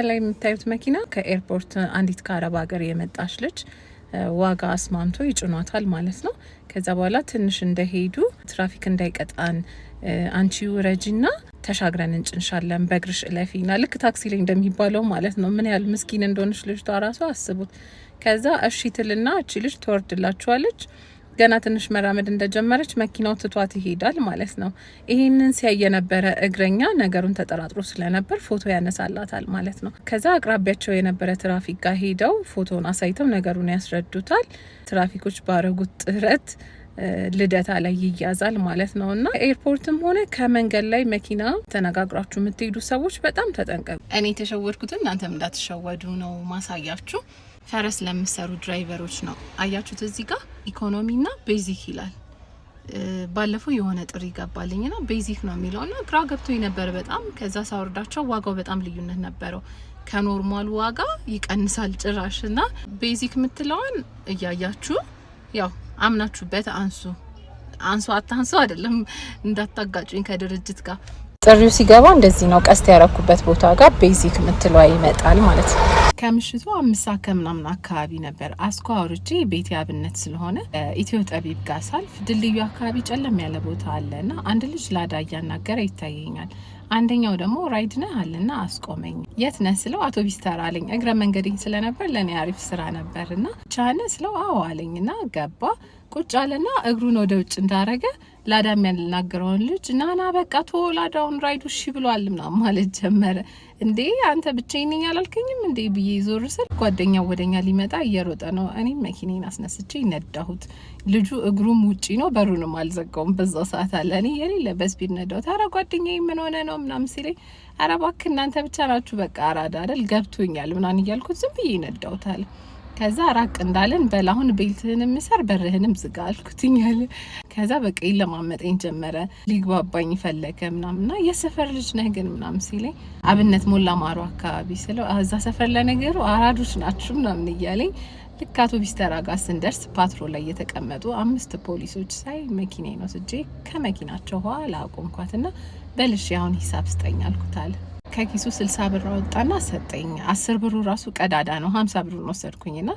ከላይ የምታዩት መኪና ከኤርፖርት አንዲት ከአረብ ሀገር የመጣች ልጅ ዋጋ አስማምቶ ይጭኗታል ማለት ነው። ከዛ በኋላ ትንሽ እንደሄዱ ትራፊክ እንዳይቀጣን አንቺ ውረጂና ተሻግረን እንጭንሻለን በእግርሽ እለፊና ልክ ታክሲ ላይ እንደሚባለው ማለት ነው። ምን ያህል ምስኪን እንደሆነች ልጅቷ ራሷ አስቡት። ከዛ እሺ ትልና እቺ ልጅ ትወርድላችኋለች። ገና ትንሽ መራመድ እንደጀመረች መኪናው ትቷት ይሄዳል ማለት ነው። ይህንን ሲያይ የነበረ እግረኛ ነገሩን ተጠራጥሮ ስለነበር ፎቶ ያነሳላታል ማለት ነው። ከዛ አቅራቢያቸው የነበረ ትራፊክ ጋር ሄደው ፎቶን አሳይተው ነገሩን ያስረዱታል። ትራፊኮች ባረጉት ጥረት ልደታ ላይ ይያዛል ማለት ነው። እና ኤርፖርትም ሆነ ከመንገድ ላይ መኪና ተነጋግራችሁ የምትሄዱ ሰዎች በጣም ተጠንቀቁ። እኔ የተሸወድኩትን እናንተም እንዳትሸወዱ ነው ማሳያችሁ። ፈረስ ለምሰሩ ድራይቨሮች ነው። አያችሁት እዚህ ጋር ኢኮኖሚና ቤዚክ ይላል። ባለፈው የሆነ ጥሪ ይገባልኝና ቤዚክ ነው የሚለው ና ግራ ገብቶ ነበር በጣም። ከዛ ሳወርዳቸው ዋጋው በጣም ልዩነት ነበረው። ከኖርማሉ ዋጋ ይቀንሳል ጭራሽና ቤዚክ የምትለውን እያያችሁ ያው አምናችሁበት አንሱ አንሱ አታንሱ አይደለም እንዳታጋጩኝ ከድርጅት ጋር ጥሪው ሲገባ እንደዚህ ነው። ቀስት ያረኩበት ቦታ ጋር ቤዚክ የምትለዋ ይመጣል ማለት ነው። ከምሽቱ አምስት ሰዓት ከምናምን አካባቢ ነበር አስኳ ቤት ያብነት ስለሆነ ኢትዮ ጠቢብ ጋር ሳልፍ ድልድዩ አካባቢ ጨለም ያለ ቦታ አለ እና አንድ ልጅ ላዳ እያናገረ ይታየኛል። አንደኛው ደግሞ ራይድ ነህ አለና አስቆመኝ። የት ነህ ስለው አውቶቢስ ተራ አለኝ። እግረ መንገዴኝ ስለነበር ለእኔ አሪፍ ስራ ነበር እና ቻነ ስለው አዎ አለኝ ገባ ቁጭ አለና እግሩን ወደ ውጭ እንዳረገ ላዳም ያልናገረውን ልጅ ናና በቃ ቶ ላዳውን ራይዱ እሺ ብሏል ምናምን ማለት ጀመረ። እንዴ አንተ ብቻዬን ነኝ አላልከኝም እንዴ ብዬ ዞር ስል ጓደኛ ወደኛ ሊመጣ እየሮጠ ነው። እኔም መኪኔን አስነስቼ ነዳሁት። ልጁ እግሩም ውጪ ነው፣ በሩንም አልዘጋውም። በዛ ሰዓት አለ እኔ የሌለ በስፒድ ነዳሁት። አረ ጓደኛዬ ምን ሆነ ነው ምናምን ሲለኝ አረ እባክህ እናንተ ብቻ ናችሁ በቃ አራዳ አይደል ገብቶኛል ምናምን እያልኩት ዝም ብዬ ነዳሁት አለ ከዛ ራቅ እንዳለን በል አሁን ቤትህንም ምሰር በርህንም ዝጋ አልኩትኝ አለ። ከዛ በቃ ይለማመጠኝ ጀመረ። ሊግባባኝ ፈለገ ምናምን እና የሰፈር ልጅ ነህ ግን ምናምን ሲለኝ አብነት ሞላ ማሩ አካባቢ ስለው እዛ ሰፈር ለነገሩ አራዶች ናችሁ ምናምን እያለኝ ልክ አውቶቢስ ተራ ጋር ስንደርስ ፓትሮል ላይ የተቀመጡ አምስት ፖሊሶች ሳይ መኪና ነው ስጄ ከመኪናቸው ኋላ አቆምኳትና በልሽ አሁን ሂሳብ ስጠኝ አልኩት ከኪሱ ስልሳ ብር አወጣና ሰጠኝ። አስር ብሩ ራሱ ቀዳዳ ነው። ሀምሳ ብሩን ወሰድኩኝና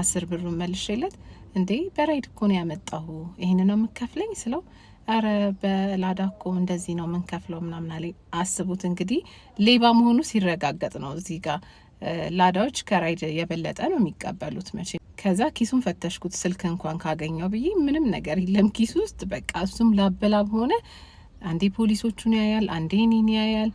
አስር ብሩን መልሼለት እንዴ በራይድ እኮ ነው ያመጣሁ ይህን ነው የምከፍለኝ ስለው አረ በላዳ እኮ እንደዚህ ነው የምንከፍለው ምናምን አለኝ። አስቡት እንግዲህ ሌባ መሆኑ ሲረጋገጥ ነው እዚህ ጋር ላዳዎች ከራይድ የበለጠ ነው የሚቀበሉት መቼ። ከዛ ኪሱን ፈተሽኩት ስልክ እንኳን ካገኘው ብዬ ምንም ነገር የለም ኪሱ ውስጥ በቃ እሱም ላበላብ ሆነ። አንዴ ፖሊሶቹን ያያል፣ አንዴ እኔን ያያል።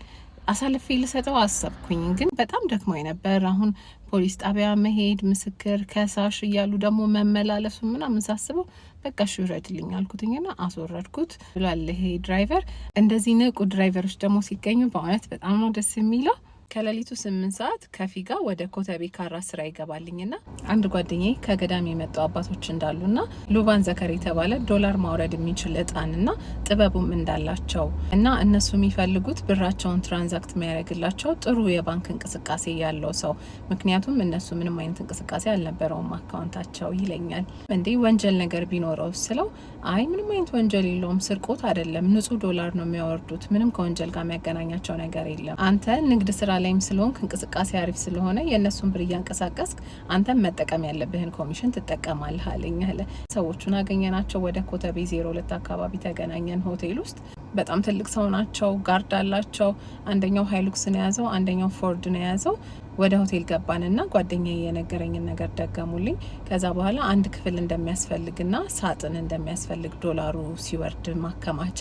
አሳልፌ ልሰጠው አሰብኩኝ፣ ግን በጣም ደክሞኝ ነበር። አሁን ፖሊስ ጣቢያ መሄድ፣ ምስክር፣ ከሳሽ እያሉ ደግሞ መመላለሱ ምናምን ሳስበው በቃ እሺ ውረድልኝ አልኩትኝና አስወረድኩት ብሏል ይሄ ድራይቨር። እንደዚህ ንቁ ድራይቨሮች ደግሞ ሲገኙ በእውነት በጣም ነው ደስ የሚለው። ከሌሊቱ ስምንት ሰዓት ከፊ ወደ ኮተቤ ካራ ስራ ይገባልኝና አንድ ጓደኛ ከገዳም የመጡ አባቶች እንዳሉና ሉባን ዘከር የተባለ ዶላር ማውረድ የሚችል እጣንና ጥበቡም እንዳላቸው እና እነሱ የሚፈልጉት ብራቸውን ትራንዛክት የሚያደርግላቸው ጥሩ የባንክ እንቅስቃሴ ያለው ሰው ምክንያቱም እነሱ ምንም አይነት እንቅስቃሴ አልነበረውም አካውንታቸው ይለኛል። እንዴ ወንጀል ነገር ቢኖረው ስለው አይ ምንም አይነት ወንጀል የለውም፣ ስርቆት አይደለም፣ ንጹህ ዶላር ነው የሚያወርዱት፣ ምንም ከወንጀል ጋር የሚያገናኛቸው ነገር የለም። አንተ ንግድ ስራ ላይም ስለሆንክ እንቅስቃሴ አሪፍ ስለሆነ የእነሱን ብር እያንቀሳቀስክ አንተም መጠቀም ያለብህን ኮሚሽን ትጠቀማለህ አለኝ አለ። ሰዎቹን አገኘናቸው። ወደ ኮተቤ ዜሮ ሁለት አካባቢ ተገናኘን ሆቴል ውስጥ። በጣም ትልቅ ሰው ናቸው። ጋርድ አላቸው። አንደኛው ሀይሉክስ ነው የያዘው አንደኛው ፎርድ ነው የያዘው ወደ ሆቴል ገባንና ጓደኛ የነገረኝን ነገር ደገሙልኝ። ከዛ በኋላ አንድ ክፍል እንደሚያስፈልግና ሳጥን እንደሚያስፈልግ ዶላሩ ሲወርድ ማከማቻ።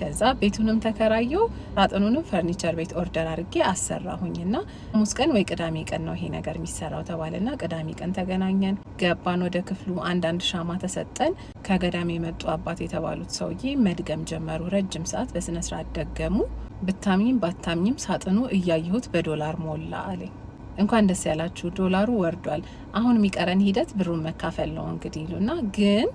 ከዛ ቤቱንም ተከራየው ሳጥኑንም ፈርኒቸር ቤት ኦርደር አድርጌ አሰራሁኝና ሐሙስ ቀን ወይ ቅዳሜ ቀን ነው ይሄ ነገር የሚሰራው ተባለና ቅዳሜ ቀን ተገናኘን። ገባን ወደ ክፍሉ። አንዳንድ ሻማ ተሰጠን። ከገዳም የመጡ አባት የተባሉት ሰውዬ መድገም ጀመሩ። ረጅም ሰዓት በስነስርዓት ደገሙ። ብታምኝም ባታምኝም ሳጥኑ እያየሁት በዶላር ሞላ አለኝ። እንኳን ደስ ያላችሁ ዶላሩ ወርዷል። አሁን የሚቀረን ሂደት ብሩን መካፈል ነው እንግዲህ ይሉና ግን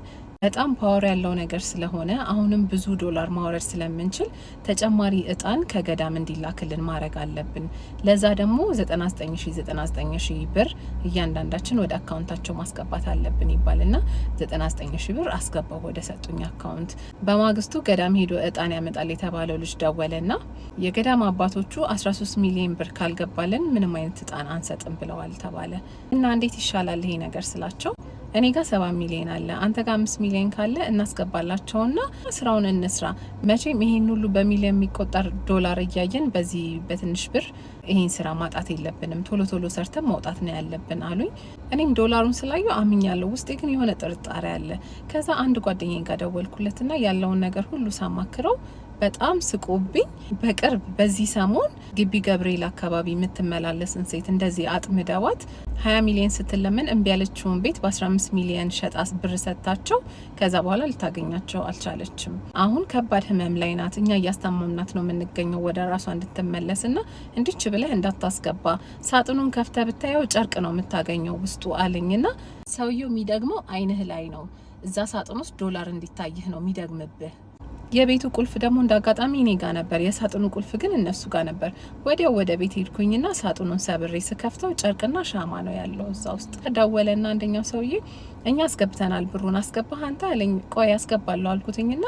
በጣም ፓወር ያለው ነገር ስለሆነ አሁንም ብዙ ዶላር ማውረድ ስለምንችል ተጨማሪ እጣን ከገዳም እንዲላክልን ማድረግ አለብን። ለዛ ደግሞ 9999 ብር እያንዳንዳችን ወደ አካውንታቸው ማስገባት አለብን ይባልና 99 ብር አስገባው ወደ ሰጡኝ አካውንት። በማግስቱ ገዳም ሄዶ እጣን ያመጣል የተባለው ልጅ ደወለና የገዳም አባቶቹ 13 ሚሊዮን ብር ካልገባልን ምንም አይነት እጣን አንሰጥም ብለዋል ተባለ እና እንዴት ይሻላል ይሄ ነገር ስላቸው እኔ ጋር ሰባ ሚሊዮን አለ፣ አንተ ጋር አምስት ሚሊዮን ካለ እናስገባላቸውና ስራውን እንስራ። መቼም ይሄን ሁሉ በሚሊዮን የሚቆጠር ዶላር እያየን በዚህ በትንሽ ብር ይሄን ስራ ማጣት የለብንም፣ ቶሎ ቶሎ ሰርተን ማውጣት ነው ያለብን አሉኝ። እኔም ዶላሩን ስላየው አምኛለሁ፣ ውስጤ ግን የሆነ ጥርጣሬ አለ። ከዛ አንድ ጓደኛ ጋር ደወልኩለትና ያለውን ነገር ሁሉ ሳማክረው በጣም ስቆብኝ በቅርብ በዚህ ሰሞን ግቢ ገብርኤል አካባቢ የምትመላለስን ሴት እንደዚህ አጥምደዋት 20 ሚሊዮን ስትለምን እምቢ ያለችውን ቤት በ15 ሚሊዮን ሸጣ ብር ሰጥታቸው ከዛ በኋላ ልታገኛቸው አልቻለችም። አሁን ከባድ ህመም ላይ ናት። እኛ እያስታመምናት ነው የምንገኘው ወደ ራሷ እንድትመለስ ና እንዲች ብለህ እንዳታስገባ ሳጥኑን ከፍተ ብታየው ጨርቅ ነው የምታገኘው ውስጡ አለኝ ና ሰውየው የሚደግመው አይንህ ላይ ነው። እዛ ሳጥን ውስጥ ዶላር እንዲታይህ ነው የሚደግምብህ የቤቱ ቁልፍ ደግሞ እንዳጋጣሚ እኔ ጋር ነበር። የሳጥኑ ቁልፍ ግን እነሱ ጋር ነበር። ወዲያው ወደ ቤት ሄድኩኝና ሳጥኑን ሰብሬ ስከፍተው ጨርቅና ሻማ ነው ያለው እዛ ውስጥ። ደወለና አንደኛው ሰውዬ እኛ አስገብተናል፣ ብሩን አስገባህ አንተ አለኝ። ቆይ አስገባለሁ አልኩትኝና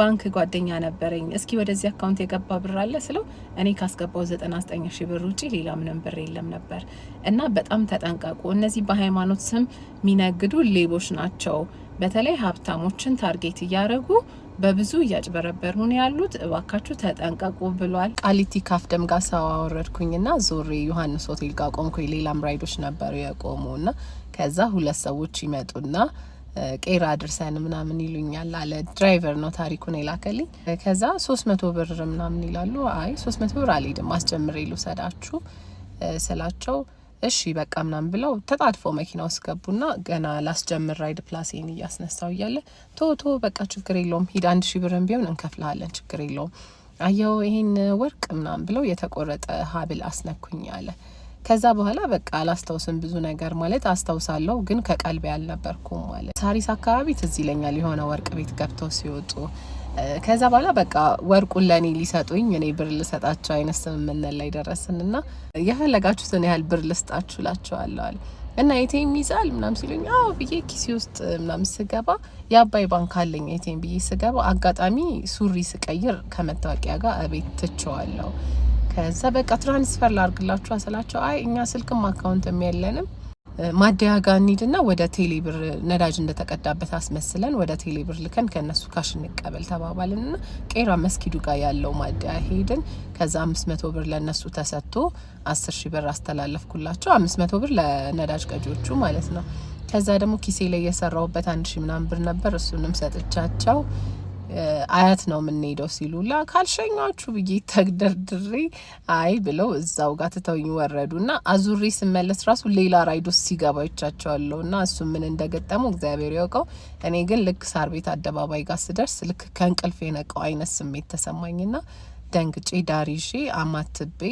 ባንክ ጓደኛ ነበረኝ፣ እስኪ ወደዚህ አካውንት የገባ ብር አለ ስለው እኔ ካስገባው 99 ብር ውጪ ሌላ ምንም ብር የለም ነበር። እና በጣም ተጠንቀቁ፣ እነዚህ በሃይማኖት ስም የሚነግዱ ሌቦች ናቸው። በተለይ ሀብታሞችን ታርጌት እያደረጉ በብዙ እያጭበረበሩ ነው ያሉት። እባካችሁ ተጠንቀቁ ብሏል። ቃሊቲ ካፍ ደም ጋር ሰው ና ዞሬ ዮሐንስ ሆቴል ጋር ቆምኩ። ሌላም ራይዶች ነበሩ የቆሙ ና ከዛ ሁለት ሰዎች ይመጡና ቄራ አድርሰን ምናምን ይሉኛል አለ። ድራይቨር ነው ታሪኩን የላከልኝ። ከዛ ሶስት መቶ ብር ምናምን ይላሉ። አይ ሶስት መቶ ብር አልሄድም አስጀምሬ ልውሰዳችሁ ስላቸው እሺ በቃ ምናምን ብለው ተጣድፈው መኪና ውስጥ ገቡና ገና ላስጀምር ራይድ ፕላሴን እያስነሳው እያለ ቶቶ በቃ ችግር የለውም ሂድ፣ አንድ ሺ ብርን ቢሆን እንከፍልሃለን፣ ችግር የለውም አየው ይህን ወርቅ ምናምን ብለው የተቆረጠ ሀብል አስነኩኝ አለ። ከዛ በኋላ በቃ አላስታውስም ብዙ ነገር ማለት አስታውሳለሁ፣ ግን ከቀልቤ አልነበርኩም ማለት ሳሪስ አካባቢ ትዝ ይለኛል የሆነ ወርቅ ቤት ገብተው ሲወጡ ከዛ በኋላ በቃ ወርቁን ለእኔ ሊሰጡኝ እኔ ብር ልሰጣቸው አይነት ስምምነት ላይ ደረስን እና የፈለጋችሁትን ያህል ብር ልስጣችሁ ላቸዋለዋል እና ኤቲኤም ይዛል ምናም ሲሉኝ አዎ ብዬ ኪሴ ውስጥ ምናም ስገባ የአባይ ባንክ አለኝ ኤቲኤም ብዬ ስገባ አጋጣሚ ሱሪ ስቀይር ከመታወቂያ ጋር እቤት ትቸዋለሁ። ከዛ በቃ ትራንስፈር ላርግላችሁ ስላቸው አይ እኛ ስልክም አካውንትም የለንም ማደያ ጋ እንሂድና ወደ ቴሌ ብር ነዳጅ እንደተቀዳበት አስመስለን ወደ ቴሌ ብር ልከን ከእነሱ ካሽ እንቀበል ተባባልን ቄራ መስኪዱ ጋር ያለው ማደያ ሄድን። ከዛ አምስት መቶ ብር ለእነሱ ተሰጥቶ አስር ሺ ብር አስተላለፍኩላቸው። አምስት መቶ ብር ለነዳጅ ቀጂዎቹ ማለት ነው። ከዛ ደግሞ ኪሴ ላይ የሰራውበት አንድ ሺ ምናምን ብር ነበር እሱንም ሰጥቻቸው አያት ነው የምንሄደው ሲሉላ ካልሸኛችሁ ብዬ ተግደርድሬ አይ ብለው እዛው ጋር ትተውኝ ወረዱ ና አዙሪ ስመለስ ራሱ ሌላ ራይዶ ውስጥ ሲገባ ይቻቸዋለሁ እሱ ምን እንደገጠመው እግዚአብሔር ያውቀው። እኔ ግን ልክ ሳር ቤት አደባባይ ጋር ስደርስ ልክ ከእንቅልፍ የነቀው አይነት ስሜት ተሰማኝና ደንግጬ ዳሪዤ አማትቤ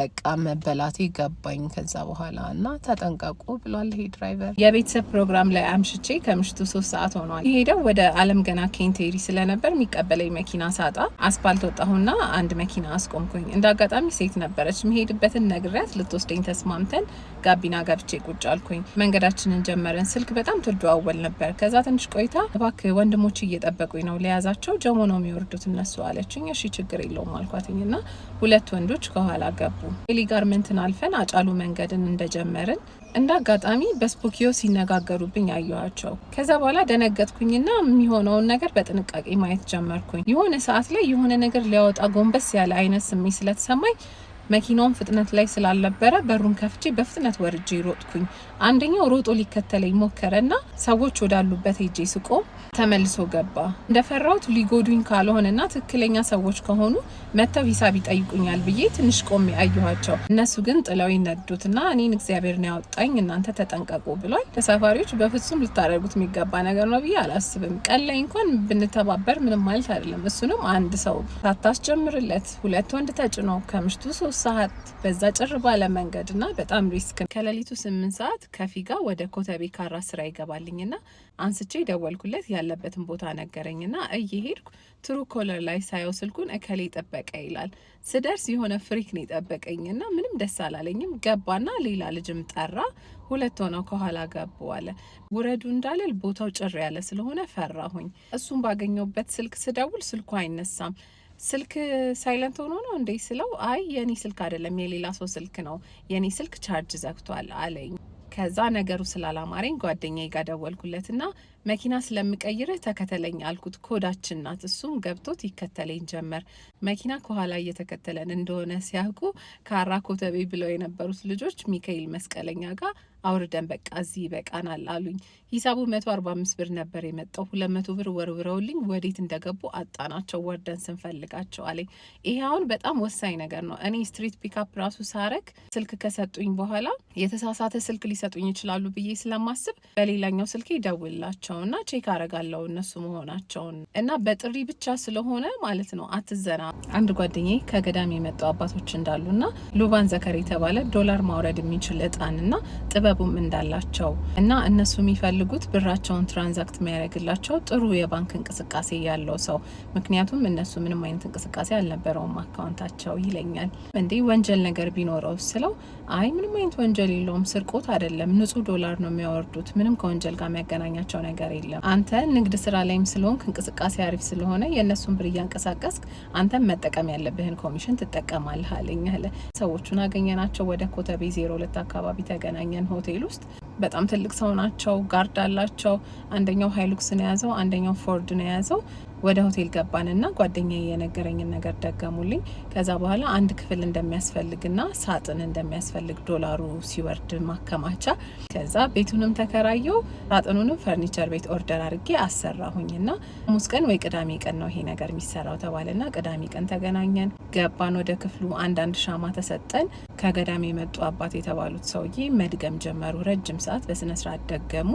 በቃ መበላቴ ገባኝ ከዛ በኋላ እና ተጠንቀቁ ብሏል ይሄ ድራይቨር። የቤተሰብ ፕሮግራም ላይ አምሽቼ ከምሽቱ ሶስት ሰዓት ሆኗል። የሄደው ወደ አለም ገና ኬንቴሪ ስለነበር የሚቀበለኝ መኪና ሳጣ አስፓልት ወጣሁና አንድ መኪና አስቆምኩኝ። እንደ አጋጣሚ ሴት ነበረች። መሄድበትን ነግሪያት ልትወስደኝ ተስማምተን ጋቢና ገብቼ ቁጭ አልኩኝ። መንገዳችንን ጀመረን። ስልክ በጣም ትደዋወል ነበር። ከዛ ትንሽ ቆይታ እባክህ ወንድሞች እየጠበቁኝ ነው፣ ለያዛቸው ጀሞ ነው የሚወርዱት እነሱ አለችኝ። እሺ ችግር የለውም አልኳትኝና ሁለት ወንዶች ከኋላ ገቡ። ቴሌ ጋርመንትን አልፈን አጫሉ መንገድን እንደጀመርን እንደ አጋጣሚ በስፖኪዮ ሲነጋገሩብኝ አየኋቸው። ከዛ በኋላ ደነገጥኩኝና የሚሆነውን ነገር በጥንቃቄ ማየት ጀመርኩኝ። የሆነ ሰዓት ላይ የሆነ ነገር ሊያወጣ ጎንበስ ያለ አይነት ስሜት ስለተሰማኝ መኪናውን ፍጥነት ላይ ስላልነበረ በሩን ከፍቼ በፍጥነት ወርጄ ሮጥኩኝ። አንደኛው ሮጦ ሊከተለኝ ሞከረና ሰዎች ወዳሉበት ሄጄ ስቆም ተመልሶ ገባ። እንደፈራሁት ሊጎዱኝ ካልሆነና ትክክለኛ ሰዎች ከሆኑ መጥተው ሂሳብ ይጠይቁኛል ብዬ ትንሽ ቆሜ አየኋቸው። እነሱ ግን ጥለው ይነዱትና እኔን እግዚአብሔር ነው ያወጣኝ እናንተ ተጠንቀቁ ብሏል። ተሳፋሪዎች በፍጹም ልታደርጉት የሚገባ ነገር ነው ብዬ አላስብም። ቀን ላይ እንኳን ብንተባበር ምንም ማለት አይደለም። እሱንም አንድ ሰው ታታስጀምርለት ሁለት ወንድ ተጭኖ ከምሽቱ ሶስት ሰዓት በዛ ጭር ባለ መንገድ እና በጣም ሪስክ ከሌሊቱ ስምንት ሰዓት ከፊ ጋር ወደ ኮተቤ ካራ ስራ ይገባልኝና አንስቼ ደወልኩለት። ያለበትን ቦታ ነገረኝና እየሄድኩ ትሩ ኮለር ላይ ሳየው ስልኩን እከሌ ጠበቀ ይላል። ስደርስ የሆነ ፍሪክ ነው ና ምንም ደስ አላለኝም። ገባና ሌላ ልጅም ጠራ። ሁለት ሆነው ከኋላ ገቡ አለ። ውረዱ እንዳለል ቦታው ጭር ያለ ስለሆነ ፈራሁኝ። እሱን ባገኘውበት ስልክ ስደውል ስልኩ አይነሳም። ስልክ ሳይለንት ሆኖ ነው እንዴ ስለው፣ አይ የኔ ስልክ አይደለም የሌላ ሰው ስልክ ነው፣ የኔ ስልክ ቻርጅ ዘግቷል አለኝ። ከዛ ነገሩ ስላላማረኝ ጓደኛ ጋር ደወልኩለትና መኪና ስለምቀይርህ ተከተለኝ አልኩት። ኮዳችን ናት። እሱም ገብቶት ይከተለኝ ጀመር። መኪና ከኋላ እየተከተለን እንደሆነ ሲያውቁ ካራ ኮተቤ ብለው የነበሩት ልጆች ሚካኤል መስቀለኛ ጋር አውርደን በቃ እዚህ ይበቃናል አሉኝ። ሂሳቡ መቶ አርባ አምስት ብር ነበር የመጣው። ሁለት መቶ ብር ወርውረውልኝ ወዴት እንደገቡ አጣናቸው ወርደን ስንፈልጋቸው አለኝ። ይሄ አሁን በጣም ወሳኝ ነገር ነው። እኔ ስትሪት ፒካፕ ራሱ ሳረግ ስልክ ከሰጡኝ በኋላ የተሳሳተ ስልክ ሊሰጡኝ ይችላሉ ብዬ ስለማስብ በሌላኛው ስልክ ይደውላቸውና ቼክ አረጋለው እነሱ መሆናቸውን እና በጥሪ ብቻ ስለሆነ ማለት ነው። አትዘና። አንድ ጓደኛ ከገዳም የመጡ አባቶች እንዳሉና ሉባን ዘከር የተባለ ዶላር ማውረድ የሚችል እጣንና ጥበብ ጥበቡም እንዳላቸው እና እነሱ የሚፈልጉት ብራቸውን ትራንዛክት የሚያደርግላቸው ጥሩ የባንክ እንቅስቃሴ ያለው ሰው፣ ምክንያቱም እነሱ ምንም አይነት እንቅስቃሴ አልነበረውም አካውንታቸው ይለኛል። እንዲህ ወንጀል ነገር ቢኖረው ስለው አይ ምንም አይነት ወንጀል የለውም፣ ስርቆት አይደለም፣ ንጹህ ዶላር ነው የሚያወርዱት፣ ምንም ከወንጀል ጋር የሚያገናኛቸው ነገር የለም። አንተ ንግድ ስራ ላይም ስለሆንክ እንቅስቃሴ አሪፍ ስለሆነ የእነሱን ብር እያንቀሳቀስክ አንተም መጠቀም ያለብህን ኮሚሽን ትጠቀማለህ አለኝ አለ። ሰዎቹን አገኘናቸው። ወደ ኮተቤ ዜሮ ሁለት አካባቢ ተገናኘን ሆቴል ውስጥ። በጣም ትልቅ ሰው ናቸው፣ ጋርድ አላቸው። አንደኛው ነው የያዘው አንደኛው ነው የያዘው ወደ ሆቴል ገባንና ጓደኛዬ የነገረኝን ነገር ደገሙልኝ። ከዛ በኋላ አንድ ክፍል እንደሚያስፈልግና ሳጥን እንደሚያስፈልግ ዶላሩ ሲወርድ ማከማቻ። ከዛ ቤቱንም ተከራየው ሳጥኑንም ፈርኒቸር ቤት ኦርደር አድርጌ አሰራሁኝና ሐሙስ ቀን ወይ ቅዳሜ ቀን ነው ይሄ ነገር የሚሰራው ተባለና ቅዳሜ ቀን ተገናኘን። ገባን ወደ ክፍሉ አንዳንድ ሻማ ተሰጠን። ከገዳም የመጡ አባት የተባሉት ሰውዬ መድገም ጀመሩ። ረጅም ሰዓት በስነስርዓት ደገሙ።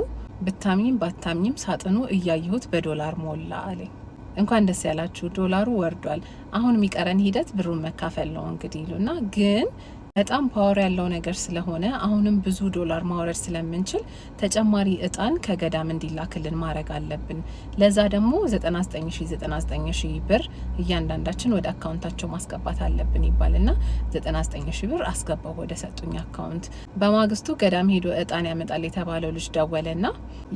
ብታምኝም ባታምኝም ሳጥኑ እያየሁት በዶላር ሞላ አለኝ። እንኳን ደስ ያላችሁ ዶላሩ ወርዷል። አሁን የሚቀረን ሂደት ብሩን መካፈል ነው እንግዲህ ይሉና ግን በጣም ፓወር ያለው ነገር ስለሆነ አሁንም ብዙ ዶላር ማውረድ ስለምንችል ተጨማሪ እጣን ከገዳም እንዲላክልን ማድረግ አለብን። ለዛ ደግሞ 9999 ብር እያንዳንዳችን ወደ አካውንታቸው ማስገባት አለብን ይባልና 99 ብር አስገባው ወደ ሰጡኝ አካውንት። በማግስቱ ገዳም ሄዶ እጣን ያመጣል የተባለው ልጅ ደወለና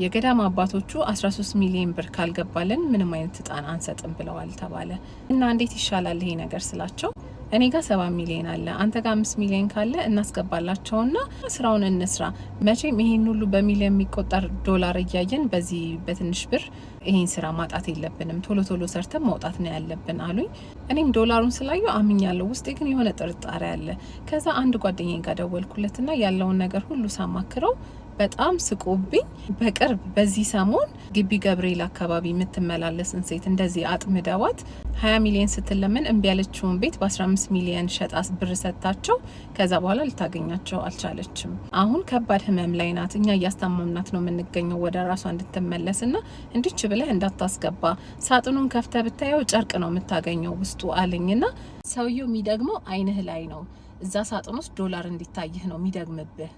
የገዳም አባቶቹ 13 ሚሊዮን ብር ካልገባልን ምንም አይነት እጣን አንሰጥም ብለዋል ተባለ እና እንዴት ይሻላል ይሄ ነገር ስላቸው እኔ ጋር ሰባ ሚሊዮን አለ፣ አንተ ጋር አምስት ሚሊዮን ካለ እናስገባላቸውና ስራውን እንስራ። መቼም ይሄን ሁሉ በሚሊዮን የሚቆጠር ዶላር እያየን በዚህ በትንሽ ብር ይሄን ስራ ማጣት የለብንም፣ ቶሎ ቶሎ ሰርተን ማውጣት ነው ያለብን አሉኝ። እኔም ዶላሩን ስላዩ አምኛለሁ፣ ውስጤ ግን የሆነ ጥርጣሬ አለ። ከዛ አንድ ጓደኛኝ ጋር ደወልኩለትና ያለውን ነገር ሁሉ ሳማክረው በጣም ስቆብኝ በቅርብ በዚህ ሰሞን ግቢ ገብርኤል አካባቢ የምትመላለስን ሴት እንደዚህ አጥምደዋት 20 ሚሊዮን ስትለምን እምቢ ያለችውን ቤት በ15 ሚሊዮን ሸጣ ብር ሰጥታቸው ከዛ በኋላ ልታገኛቸው አልቻለችም። አሁን ከባድ ህመም ላይ ናት። እኛ እያስታማምናት ነው የምንገኘው ወደ ራሷ ና እንዲች ብለህ እንዳታስገባ ሳጥኑን ከፍተ ብታየው ጨርቅ ነው የምታገኘው ውስጡ ና ሰውየው የሚደግመው አይንህ ላይ ነው። እዛ ሳጥን ውስጥ ዶላር እንዲታይህ ነው የሚደግምብህ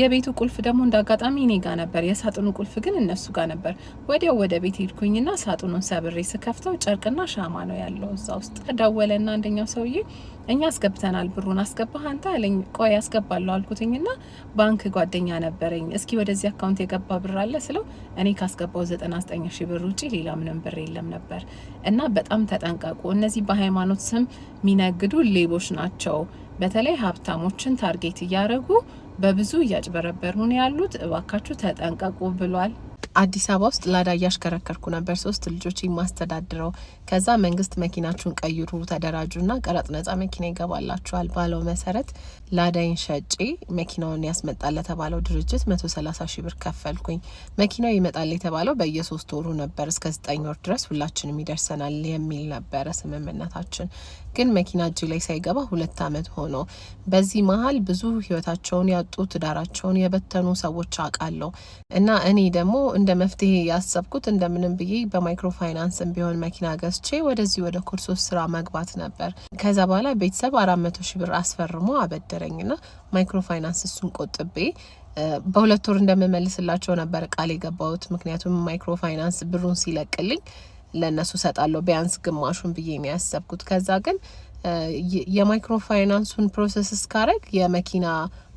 የቤቱ ቁልፍ ደግሞ እንዳጋጣሚ እኔ ጋር ነበር። የሳጥኑ ቁልፍ ግን እነሱ ጋር ነበር። ወዲያው ወደ ቤት ሄድኩኝና ሳጥኑን ሰብሬ ስከፍተው ጨርቅና ሻማ ነው ያለው እዛ ውስጥ። ደወለና አንደኛው ሰውዬ እኛ አስገብተናል ብሩን አስገባህ አንተ አለኝ። ቆይ አስገባለሁ አልኩትኝና ባንክ ጓደኛ ነበረኝ እስኪ ወደዚህ አካውንት የገባ ብር አለ ስለው እኔ ካስገባው 99 ሺህ ብር ውጪ ሌላ ምንም ብር የለም ነበር። እና በጣም ተጠንቀቁ፣ እነዚህ በሃይማኖት ስም የሚነግዱ ሌቦች ናቸው። በተለይ ሀብታሞችን ታርጌት እያደረጉ በብዙ እያጭበረበሩን ያሉት እባካችሁ ተጠንቀቁ ብሏል። አዲስ አበባ ውስጥ ላዳ እያሽከረከርኩ ነበር፣ ሶስት ልጆች የማስተዳድረው። ከዛ መንግስት መኪናችሁን ቀይሩ፣ ተደራጁና ቀረጥ ነጻ መኪና ይገባላችኋል ባለው መሰረት ላዳይን ሸጬ መኪናውን ያስመጣል ለተባለው ድርጅት መቶ ሰላሳ ሺ ብር ከፈልኩኝ። መኪናው ይመጣል የተባለው በየሶስት ወሩ ነበር፣ እስከ ዘጠኝ ወር ድረስ ሁላችንም ይደርሰናል የሚል ነበረ ስምምነታችን። ግን መኪና እጅ ላይ ሳይገባ ሁለት አመት ሆኖ። በዚህ መሀል ብዙ ህይወታቸውን ያጡ ትዳራቸውን የበተኑ ሰዎች አውቃለሁ እና እኔ ደግሞ እንደ መፍትሄ ያሰብኩት እንደምንም ብዬ በማይክሮ ፋይናንስም ቢሆን መኪና ገዝቼ ወደዚህ ወደ ኮርሶች ስራ መግባት ነበር። ከዛ በኋላ ቤተሰብ አራት መቶ ሺ ብር አስፈርሞ አበደረኝና ማይክሮ ፋይናንስ እሱን ቆጥቤ በሁለት ወር እንደምመልስላቸው ነበር ቃል የገባሁት። ምክንያቱም ማይክሮ ፋይናንስ ብሩን ሲለቅልኝ ለእነሱ ሰጣለሁ ቢያንስ ግማሹን ብዬ ነው ያሰብኩት። ከዛ ግን የማይክሮ ፋይናንሱን ፕሮሰስ እስካረግ የመኪና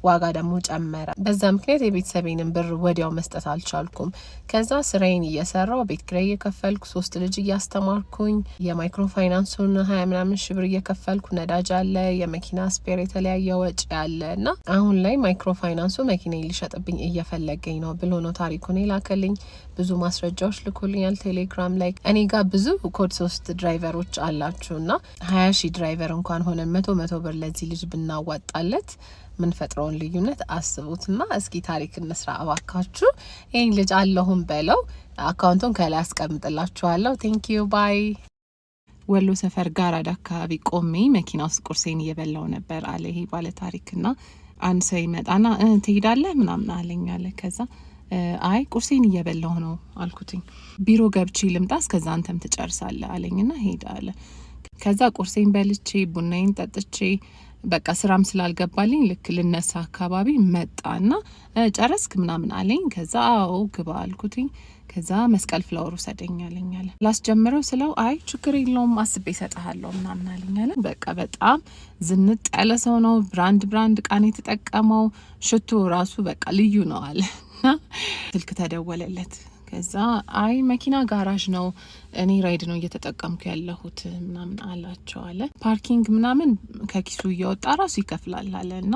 ዋጋ ደግሞ ጨመረ። በዛ ምክንያት የቤተሰቤንም ብር ወዲያው መስጠት አልቻልኩም። ከዛ ስራዬን እየሰራው ቤት ኪራይ እየከፈልኩ ሶስት ልጅ እያስተማርኩኝ የማይክሮ ፋይናንሱን ሀያ ምናምን ሺ ብር እየከፈልኩ ነዳጅ አለ፣ የመኪና ስፔር፣ የተለያየ ወጪ አለ እና አሁን ላይ ማይክሮ ፋይናንሱ መኪና ሊሸጥብኝ እየፈለገኝ ነው ብሎ ነው ታሪኩን የላከልኝ። ብዙ ማስረጃዎች ልኮልኛል ቴሌግራም ላይ። እኔ ጋር ብዙ ኮድ ሶስት ድራይቨሮች አላችሁ እና ሀያ ሺ ድራይቨር እንኳን ሆነ መቶ መቶ ብር ለዚህ ልጅ ብናዋጣለት የምንፈጥረውን ልዩነት አስቡትና እስኪ ታሪክ እንስራ እባካችሁ። ይህን ልጅ አለሁም በለው። አካውንቱን ከላይ አስቀምጥላችኋለሁ። ቴንክ ዩ ባይ። ወሎ ሰፈር ጋራዳ አካባቢ ቆሜ መኪና ውስጥ ቁርሴን እየበላው ነበር አለ ይሄ ባለ ታሪክና አንድ ሰው ይመጣና ትሄዳለህ ምናምን አለኝ አለ። ከዛ አይ ቁርሴን እየበላው ነው አልኩትኝ። ቢሮ ገብቼ ልምጣ እስከዛ አንተም ትጨርሳለህ አለኝና ሄዳለ። ከዛ ቁርሴን በልቼ ቡናዬን ጠጥቼ በቃ ስራም ስላልገባልኝ ልክ ልነሳ አካባቢ መጣና ጨረስክ ምናምን አለኝ። ከዛ አዎ ግባ አልኩትኝ። ከዛ መስቀል ፍላወር ውሰደኝ አለኝ አለ። ላስጀምረው ስለው አይ ችግር የለውም አስቤ እሰጥሃለሁ ምናምን አለኝ አለ። በቃ በጣም ዝንጥ ያለ ሰው ነው። ብራንድ ብራንድ እቃ የተጠቀመው። ሽቶ ራሱ በቃ ልዩ ነው አለ። ስልክ ተደወለለት። ከዛ አይ መኪና ጋራዥ ነው፣ እኔ ራይድ ነው እየተጠቀምኩ ያለሁት ምናምን አላቸው አለ። ፓርኪንግ ምናምን ከኪሱ እየወጣ ራሱ ይከፍላል አለ እና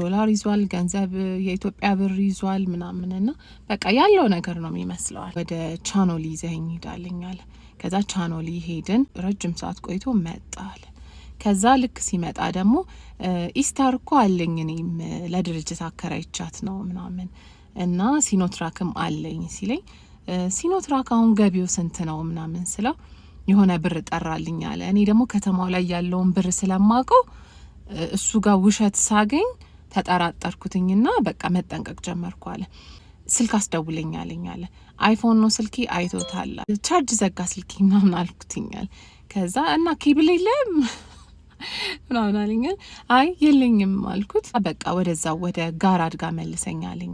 ዶላር ይዟል፣ ገንዘብ የኢትዮጵያ ብር ይዟል ምናምን እና በቃ ያለው ነገር ነው የሚመስለዋል። ወደ ቻኖሊ ይዘኝ ሂዳለኝ አለ። ከዛ ቻኖሊ ሄድን። ረጅም ሰዓት ቆይቶ መጣ አለ። ከዛ ልክ ሲመጣ ደግሞ ኢስታር እኮ አለኝ እኔም ለድርጅት አከራይቻት ነው ምናምን እና ሲኖትራክም አለኝ ሲለኝ ሲኖትራክ አሁን ገቢው ስንት ነው ምናምን ስለው የሆነ ብር ጠራልኝ አለ። እኔ ደግሞ ከተማው ላይ ያለውን ብር ስለማውቀው እሱ ጋር ውሸት ሳገኝ ተጠራጠርኩትኝና በቃ መጠንቀቅ ጀመርኩ አለ። ስልክ አስደውለኝ አለኝ አለ። አይፎን ነው ስልኪ አይቶታል ቻርጅ ዘጋ ስልኪ ምናምን አልኩትኛል። ከዛ እና ኬብል የለም ምናምን አለኛል። አይ የለኝም አልኩት። በቃ ወደዛ ወደ ጋራድ ጋር መልሰኝ አለኝ።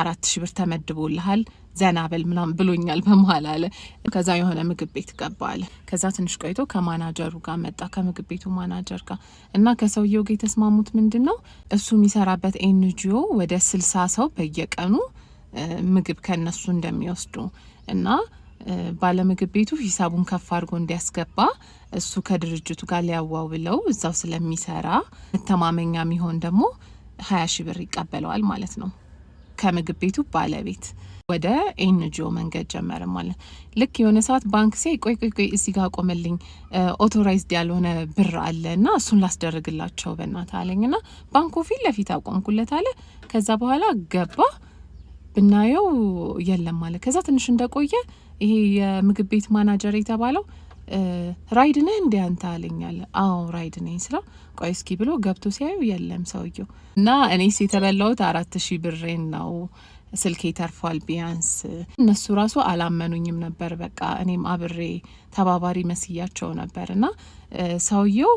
አራት ሺ ብር ተመድቦልሃል ዘና በል ምናምን ብሎኛል በመሀል አለ። ከዛ የሆነ ምግብ ቤት ገባ አለ። ከዛ ትንሽ ቆይቶ ከማናጀሩ ጋር መጣ ከምግብ ቤቱ ማናጀር ጋር እና ከሰውየው ጋር የተስማሙት ምንድን ነው እሱ የሚሰራበት ኤንጂኦ ወደ ስልሳ ሰው በየቀኑ ምግብ ከነሱ እንደሚወስዱ እና ባለምግብ ቤቱ ሂሳቡን ከፍ አድርጎ እንዲያስገባ እሱ ከድርጅቱ ጋር ሊያዋውለው እዛው ስለሚሰራ መተማመኛ የሚሆን ደግሞ ሀያ ሺ ብር ይቀበለዋል ማለት ነው። ከምግብ ቤቱ ባለቤት ወደ ኤንጂኦ መንገድ ጀመረ ማለት ልክ የሆነ ሰዓት ባንክ ሲያይ ቆይ ቆይ ቆይ እዚህ ጋር ቆመልኝ ኦቶራይዝድ ያልሆነ ብር አለ እና እሱን ላስደርግላቸው በእናት አለኝ ና ባንኩ ፊት ለፊት አቆምኩለት አለ ከዛ በኋላ ገባ ብናየው የለም አለ ከዛ ትንሽ እንደቆየ ይሄ የምግብ ቤት ማናጀር የተባለው ራይድ ነህ እንዲህ አንተ አለኛለ አዎ ራይድ ነኝ ስለው ቆይ እስኪ ብሎ ገብቶ ሲያዩ የለም ሰውየው። እና እኔስ የተበላሁት አራት ሺህ ብሬን ነው ስልክ ተርፏል። ቢያንስ እነሱ ራሱ አላመኑኝም ነበር። በቃ እኔም አብሬ ተባባሪ መስያቸው ነበር እና ሰውየው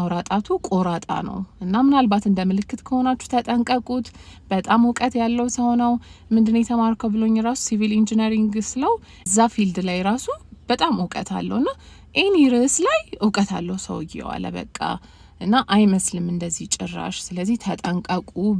አውራጣቱ ቆራጣ ነው እና ምናልባት እንደ ምልክት ከሆናችሁ ተጠንቀቁት። በጣም እውቀት ያለው ሰው ነው። ምንድን የተማርከው ብሎኝ ራሱ ሲቪል ኢንጂነሪንግ ስለው እዛ ፊልድ ላይ ራሱ በጣም እውቀት አለው እና ኤኒ ርዕስ ላይ እውቀት አለው ሰውየው አለ በቃ እና አይመስልም እንደዚህ ጭራሽ። ስለዚህ ተጠንቀቁ